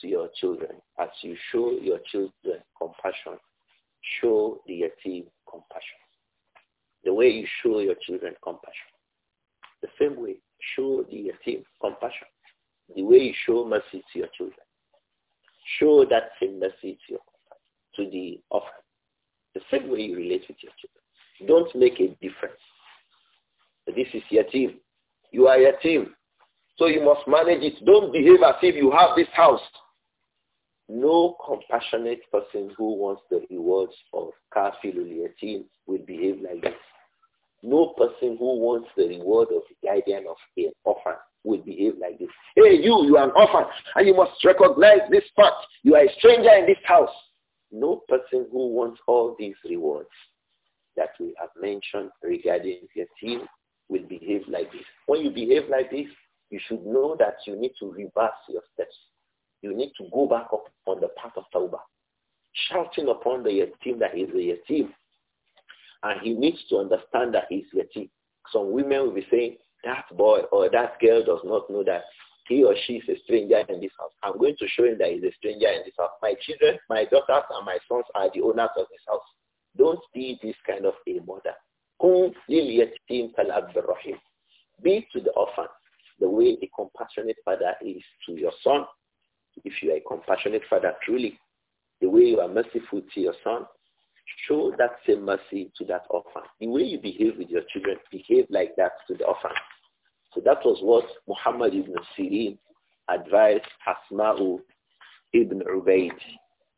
to your children. As you show your children compassion, show the yatim compassion. The way you show your children compassion. The same way Show the same compassion. The way you show mercy to your children. Show that same mercy to your to the orphan. The same way you relate with your children. Don't make a difference. This is your team. You are your team. So you must manage it. Don't behave as if you have this house. No compassionate person who wants the rewards of kafilul will behave like this. No person who wants the reward of the guardian of an orphan will behave like this. Hey, you, you are an orphan, and you must recognize this fact. You are a stranger in this house. No person who wants all these rewards that we have mentioned regarding yatim will behave like this. When you behave like this, you should know that you need to reverse your steps. You need to go back up on the path of Tawbah, shouting upon the yatim that is a yatim and he needs to understand that he's a yatim. Some women will be saying, that boy or that girl does not know that he or she is a stranger in this house. I'm going to show him that he's a stranger in this house. My children, my daughters, and my sons are the owners of this house. Don't be this kind of a mother. Be to the orphan the way a compassionate father is to your son. If you are a compassionate father truly, the way you are merciful to your son, show that same mercy to that orphan. The way you behave with your children, behave like that to the orphan. So that was what Muhammad ibn Sirin advised Asma'u ibn Ubaid,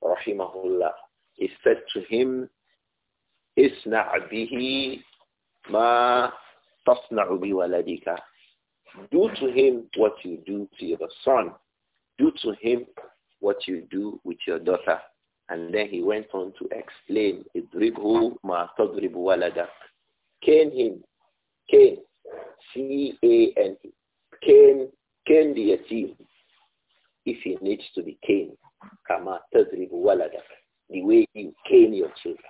rahimahullah. He said to him, Isna' bihi ma tasna'u bi waladika. Do to him what you do to your son. Do to him what you do with your daughter. And then he went on to explain, Idribhu ma tadribu waladak. Cane him. Cane. C A N, Cane. Cane the yatim. If he needs to be cane. Kama tadribu waladak. The way you cane your children.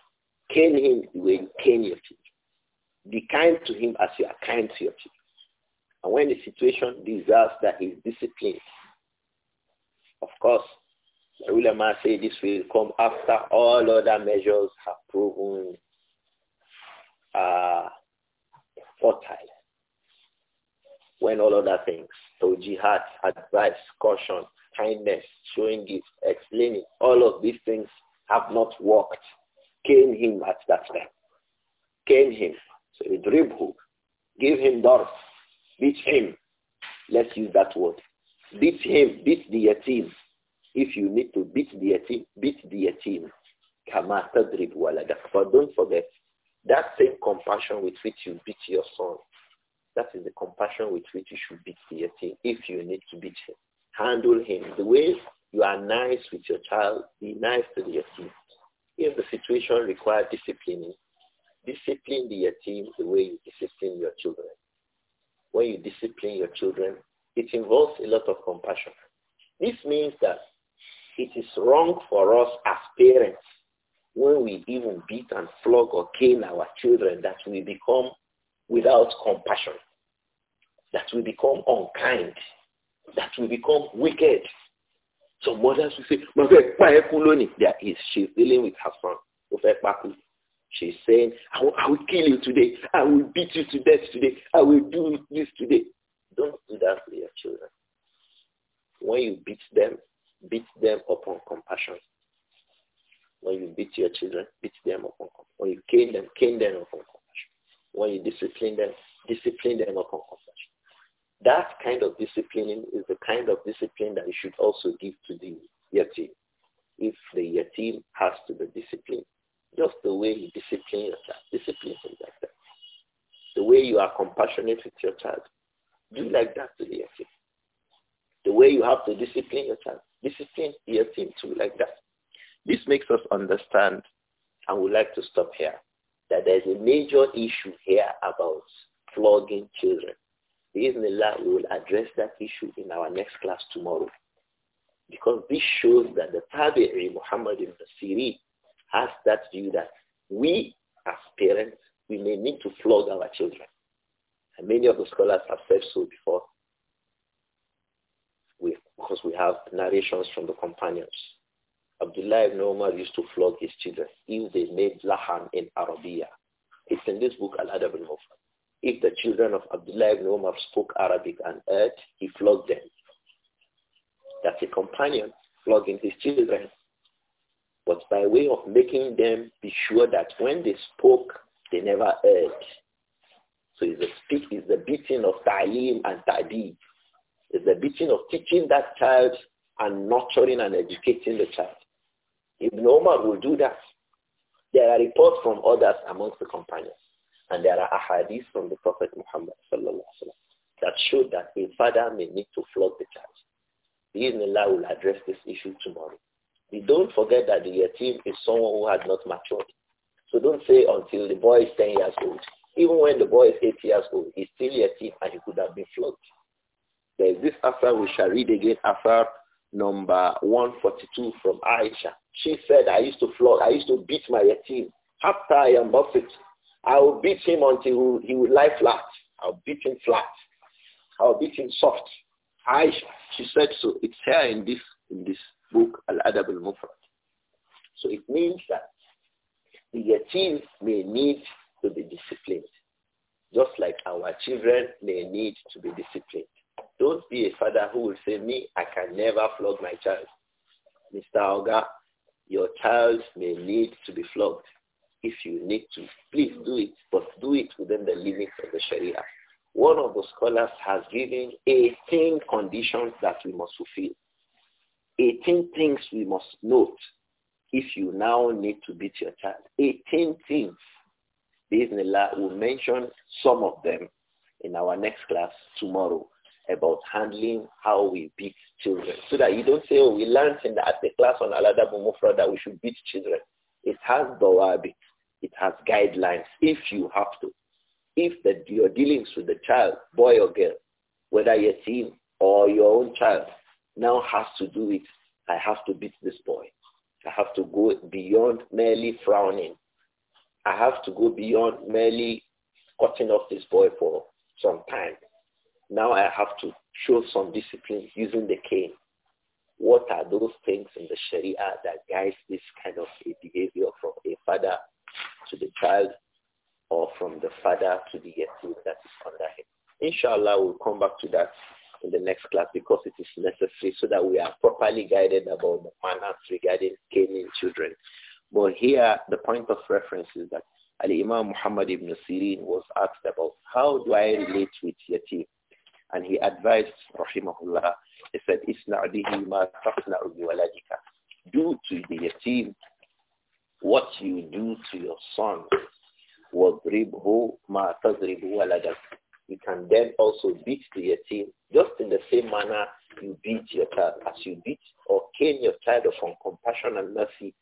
Cane him the way you cane your children. Be kind to him as you are kind to your children. And when the situation deserves that he's disciplined, of course, the say this will come after all other measures have proven uh, fertile. When all other things, so jihad, advice, caution, kindness, showing gifts, explaining, all of these things have not worked. came him at that time. Came him. So you dribble, hook. Give him doors. Beat him. Let's use that word. Beat him. Beat the yatim. If you need to beat the yatim, beat the yatim. Kama tadrib waladak. But don't forget, that same compassion with which you beat your son, that is the compassion with which you should beat the yatim if you need to beat him. Handle him. The way you are nice with your child, be nice to the yatim. If the situation requires disciplining, discipline the yatim the way you discipline your children. When you discipline your children, it involves a lot of compassion. This means that it is wrong for us as parents when we even beat and flog or cane our children that we become without compassion, that we become unkind, that we become wicked. So mothers will say, my there is, she's dealing with her son. She's saying, I will, I will kill you today. I will beat you to death today. I will do this today. Don't do that to your children. When you beat them, beat them upon compassion. When you beat your children, beat them upon compassion. When you cane them, cane them upon compassion. When you discipline them, discipline them upon compassion. That kind of disciplining is the kind of discipline that you should also give to the yatim. If the yatim has to be disciplined, just the way you discipline your child, discipline him like that. The way you are compassionate with your child, do like that to the yatim. The way you have to discipline your child, this is discipline thing too like that. This makes us understand, and we like to stop here, that there's a major issue here about flogging children. Bismillah, we will address that issue in our next class tomorrow. Because this shows that the Tabi'i, Muhammad ibn Siri, has that view that we as parents, we may need to flog our children. And many of the scholars have said so before because we have narrations from the companions. Abdullah ibn Umar used to flog his children if they made lahan in Arabia. It's in this book, Al-Adab al-Mufrad. If the children of Abdullah ibn Umar spoke Arabic and earth, he flogged them. That's a companion flogging his children. But by way of making them be sure that when they spoke, they never heard. So it's the, speak, it's the beating of ta'lim and ta'dib is the beating of teaching that child and nurturing and educating the child. Ibn Omar will do that. There are reports from others amongst the companions. And there are ahadith from the Prophet Muhammad that show that a father may need to flog the child. The Bismillah will address this issue tomorrow. We don't forget that the yatim is someone who had not matured. So don't say until the boy is 10 years old. Even when the boy is 8 years old, he's still yatim and he could have been flogged. There is this affair we shall read again after number 142 from Aisha. She said, I used to flog, I used to beat my team. After I am buffet, I will beat him until he will lie flat. I'll beat him flat. I'll beat him soft. Aisha, she said so. It's here in this, in this book, Al-Adab al-Mufrad. So it means that the yatim may need to be disciplined, just like our children may need to be disciplined. Don't be a father who will say, me, I can never flog my child. Mr. Oga, your child may need to be flogged if you need to. Please do it, but do it within the limits of the Sharia. One of the scholars has given 18 conditions that we must fulfill. 18 things we must note if you now need to beat your child. 18 things. Bismillah will mention some of them in our next class tomorrow about handling how we beat children. So that you don't say, oh, we learned in the, at the class on Aladabu Mufra that we should beat children. It has dawabit. It has guidelines if you have to. If the, your dealings with the child, boy or girl, whether your team or your own child, now has to do it. I have to beat this boy. I have to go beyond merely frowning. I have to go beyond merely cutting off this boy for some time. Now I have to show some discipline using the cane. What are those things in the Sharia that guides this kind of a behavior from a father to the child or from the father to the yatim that is under him? Inshallah, we'll come back to that in the next class because it is necessary so that we are properly guided about the manners regarding caning children. But here, the point of reference is that Ali Imam Muhammad ibn Sirin was asked about how do I relate with yatim? And he advised, rahimahullah, he said, Isna bihi ma tafna'u biwaladika. Do to the yatim what you do to your son. وَضْرِبْهُ ma تَضْرِبُ وَلَدَكَ You can then also beat the yatim just in the same manner you beat your child. As you beat or cane your child upon compassion and mercy,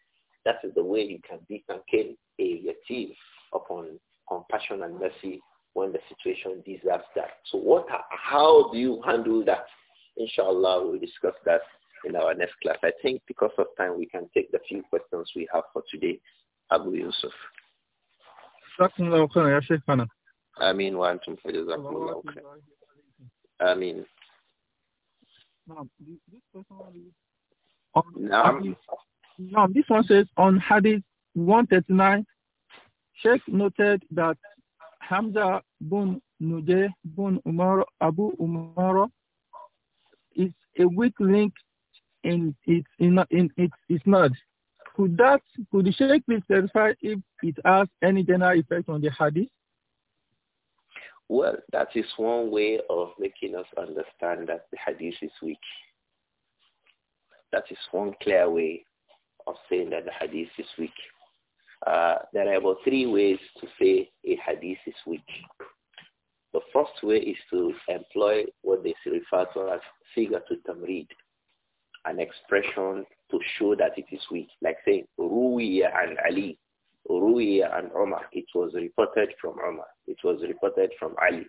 that is the way you can beat and cane a yatim upon compassion and mercy when the situation deserves that. So what, how do you handle that? Inshallah, we'll discuss that in our next class. I think because of time, we can take the few questions we have for today. Abu Yusuf. Ameen wa antum fajazakumullahu khair. Ameen. Now, this one says on Hadith 139, Sheikh noted that Hamza bin Nujay bin Umar Abu Umar is a weak link in its in, in its it's not. Could that could the Sheikh please clarify if it has any general effect on the hadith? Well, that is one way of making us understand that the hadith is weak. That is one clear way of saying that the hadith is weak. Uh, there are about three ways to say a hadith is weak. The first way is to employ what they refer to as figure to tamrid, an expression to show that it is weak, like saying Ruwiya and Ali, Ruwiya and Omar. It was reported from Omar. It was reported from Ali.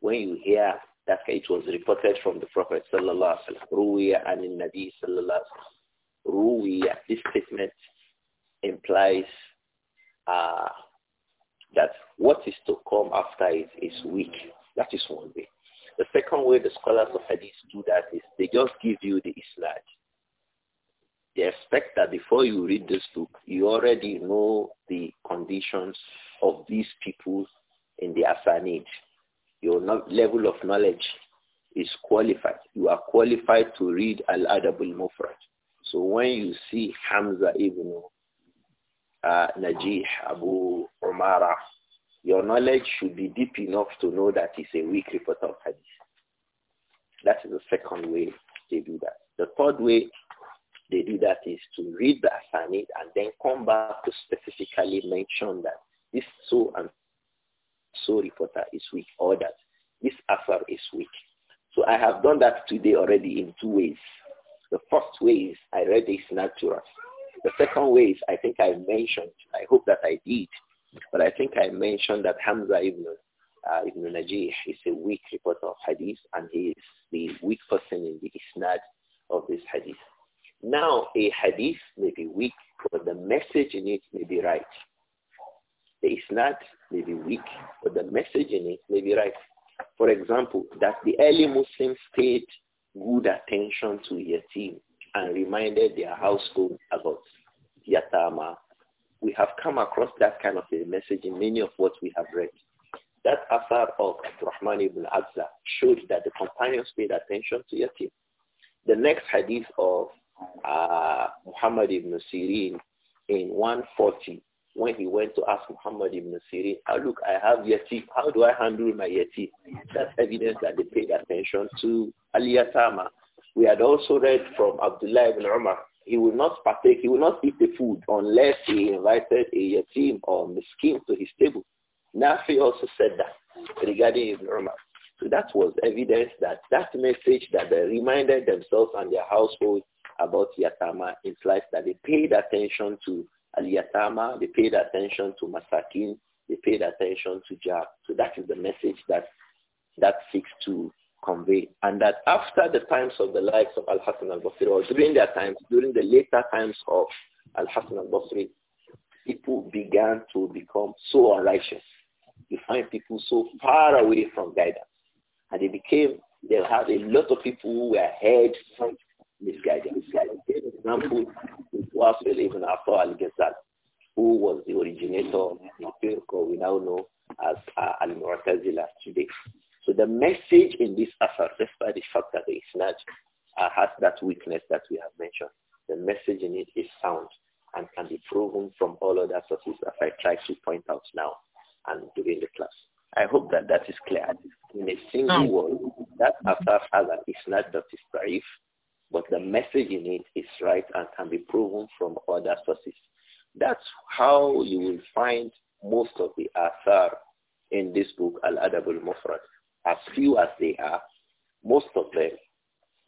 When you hear that it was reported from the Prophet sallallahu alaihi wasallam, Ruwiya and Nabi sallallahu alaihi wasallam, Ruwiya. This statement implies uh, that what is to come after it is weak. That is one way. The second way the scholars of hadith do that is they just give you the isnad. They expect that before you read this book, you already know the conditions of these people in the asanid. Your level of knowledge is qualified. You are qualified to read Al-Adab al-Mufrad. So when you see Hamza ibn uh, Najih Abu Umara, your knowledge should be deep enough to know that it's a weak report of hadith. That is the second way they do that. The third way they do that is to read the asanid and then come back to specifically mention that this so and so reporter is weak or that this affair is weak. So I have done that today already in two ways. The first way is I read the natural the second way is, I think I mentioned, I hope that I did, but I think I mentioned that Hamza ibn, uh, ibn Najih is a weak reporter of hadith and he is the weak person in the isnad of this hadith. Now, a hadith may be weak, but the message in it may be right. The isnad may be weak, but the message in it may be right. For example, that the early Muslims paid good attention to yatim and reminded their household about Yatama. We have come across that kind of a message in many of what we have read. That Asar of Rahman ibn Azza showed that the companions paid attention to Yatim. The next hadith of uh, Muhammad ibn Sirin in 140, when he went to ask Muhammad ibn Sirin, oh, look, I have Yatim. How do I handle my Yatim? That's evidence that they paid attention to Ali yatama we had also read from Abdullah ibn Umar. He will not partake, he will not eat the food unless he invited a yatim or miskin to his table. Nafi also said that regarding Ibn Umar. So that was evidence that that message that they reminded themselves and their household about Yatama implies that they paid attention to Al-Yatama, they paid attention to Masakin, they paid attention to Jah. So that is the message that that seeks to convey. And that after the times of the likes of Al-Hassan al-Basri, or during their times, during the later times of Al-Hassan al-Basri, people began to become so unrighteous. You find people so far away from guidance. And they became, they had a lot of people who were head from misguided. For example, was ibn Atta al-Ghazal, who was the originator of the we now know as uh, al-Mu'tazila today. So the message in this asar, despite the fact that it's not uh, has that weakness that we have mentioned, the message in it is sound and can be proven from all other sources as I try to point out now and during the class. I hope that that is clear. In a single mm. word, that asar has an isnad that is brief, but the message in it is right and can be proven from other sources. That's how you will find most of the asar in this book, Al-Adab al-Mufrad as few as they are, most of them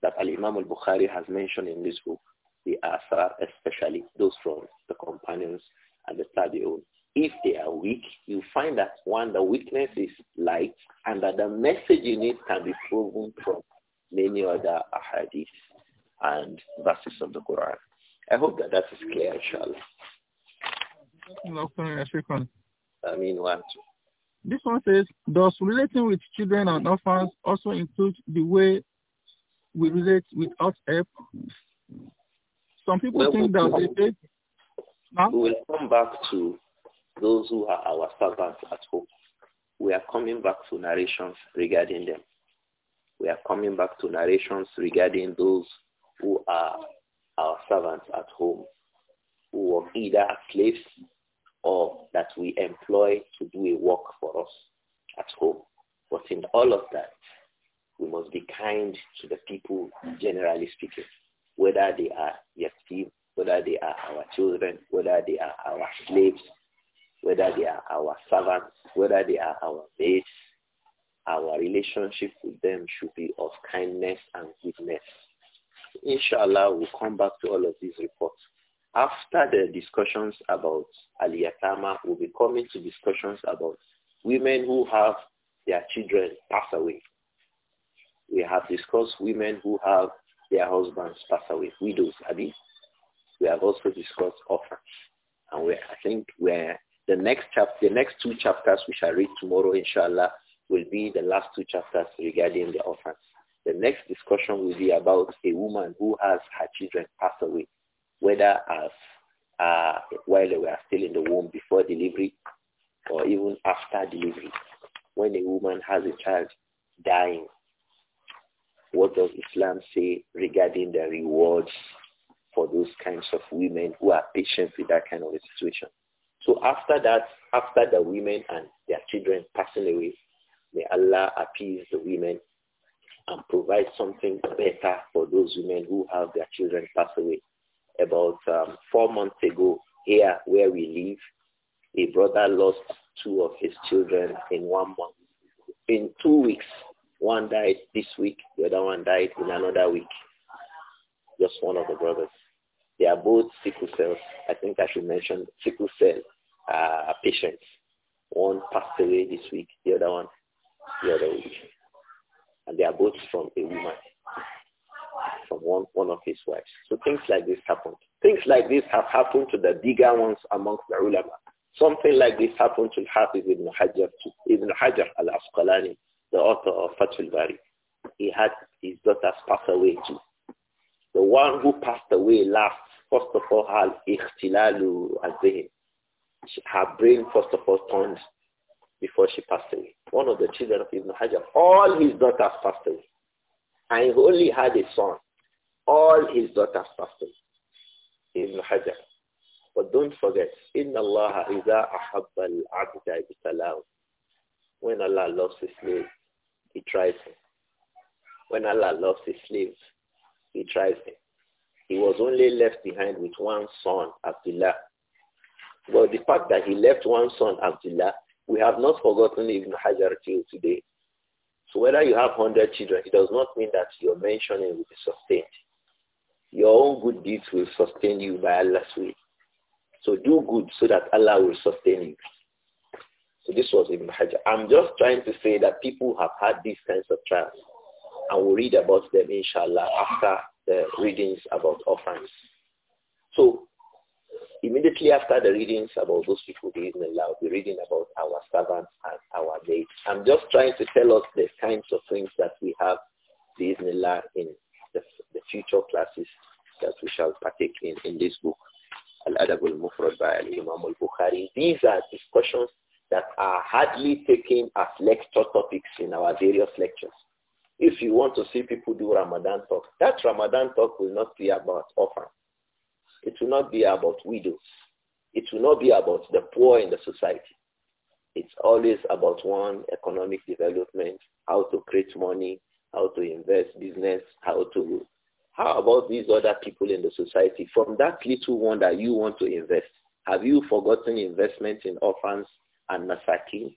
that Al-Imam al-Bukhari has mentioned in this book, the Asar, especially those from the companions and the Tabi'un, if they are weak, you find that one, the weakness is light and that the message in it can be proven from many other ahadith and verses of the Quran. I hope that that is clear, inshallah. I mean, one, two. This one says, does relating with children and orphans also include the way we relate without help? Some people well, think that we'll, they huh? We will come back to those who are our servants at home. We are coming back to narrations regarding them. We are coming back to narrations regarding those who are our servants at home, who are either slaves or that we employ to do a work for us at home. But in all of that, we must be kind to the people, generally speaking, whether they are yatim, whether they are our children, whether they are our slaves, whether they are our servants, whether they are our maids. Our relationship with them should be of kindness and goodness. Inshallah, we'll come back to all of these reports after the discussions about Aliyatama, we'll be coming to discussions about women who have their children pass away. We have discussed women who have their husbands pass away, widows, Abi. We have also discussed orphans. And we, I think we're, the next chapter, the next two chapters we shall read tomorrow, inshallah, will be the last two chapters regarding the orphans. The next discussion will be about a woman who has her children pass away whether as uh, while they were still in the womb before delivery or even after delivery. When a woman has a child dying, what does Islam say regarding the rewards for those kinds of women who are patient with that kind of a situation? So after that, after the women and their children passing away, may Allah appease the women and provide something better for those women who have their children pass away about um, four months ago here where we live, a brother lost two of his children in one month. In two weeks, one died this week, the other one died in another week. Just one of the brothers. They are both sickle cells. I think I should mention sickle cell uh, patients. One passed away this week, the other one the other week. And they are both from a woman from one, one of his wives. So things like this happened. Things like this have happened to the bigger ones amongst the ulama. Something like this happened to Hafiz ibn Hajar, ibn Hajar al-Asqalani, the author of Fathul Bari. He had his daughters pass away too. The one who passed away last, first of all, had ikhtilalu Her brain, first of all, turned before she passed away. One of the children of Ibn Hajar, all his daughters passed away. And he only had a son all his daughters fasted. in Hajar. But don't forget, إِنَّ اللَّهَ إِذَا أَحَبَّ الْعَبْدَ Salam. When Allah loves his slave, he tries him. When Allah loves his slaves, he tries him. He was only left behind with one son, Abdullah. But the fact that he left one son, Abdullah, we have not forgotten Ibn Hajar till today. So whether you have 100 children, it does not mean that your mentioning will be sustained your own good deeds will sustain you by Allah's will. So do good so that Allah will sustain you. So this was Ibn Hajj. I'm just trying to say that people have had these kinds of trials. And we'll read about them, inshallah, after the readings about orphans. So immediately after the readings about those people, the Ismail, I'll be reading about our servants and our mates. I'm just trying to tell us the kinds of things that we have, the in the, the future classes that we shall partake in in this book, Al-Adab al-Mufrad by Imam al-Bukhari. These are discussions that are hardly taken as lecture topics in our various lectures. If you want to see people do Ramadan talk, that Ramadan talk will not be about orphans. It will not be about widows. It will not be about the poor in the society. It's always about one, economic development, how to create money, how to invest business, how to... How about these other people in the society? From that little one that you want to invest, have you forgotten investment in orphans and masakin?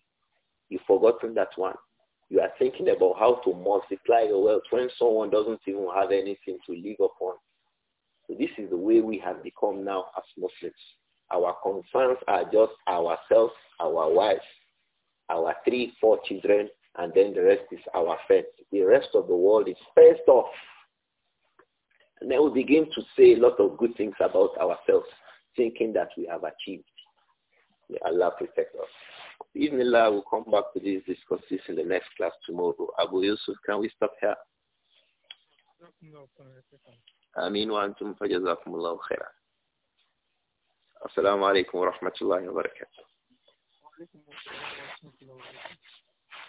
You've forgotten that one. You are thinking about how to multiply your wealth when someone doesn't even have anything to live upon. So this is the way we have become now as Muslims. Our concerns are just ourselves, our wives, our three, four children, and then the rest is our faith. The rest of the world is fenced off. And then we begin to say a lot of good things about ourselves, thinking that we have achieved. May Allah protect us. Even Allah will come back to these discussions in the next class tomorrow. Abu Yusuf, can we stop here? No, آمين وأنتم فجزاكم الله خيرا السلام عليكم ورحمة الله وبركاته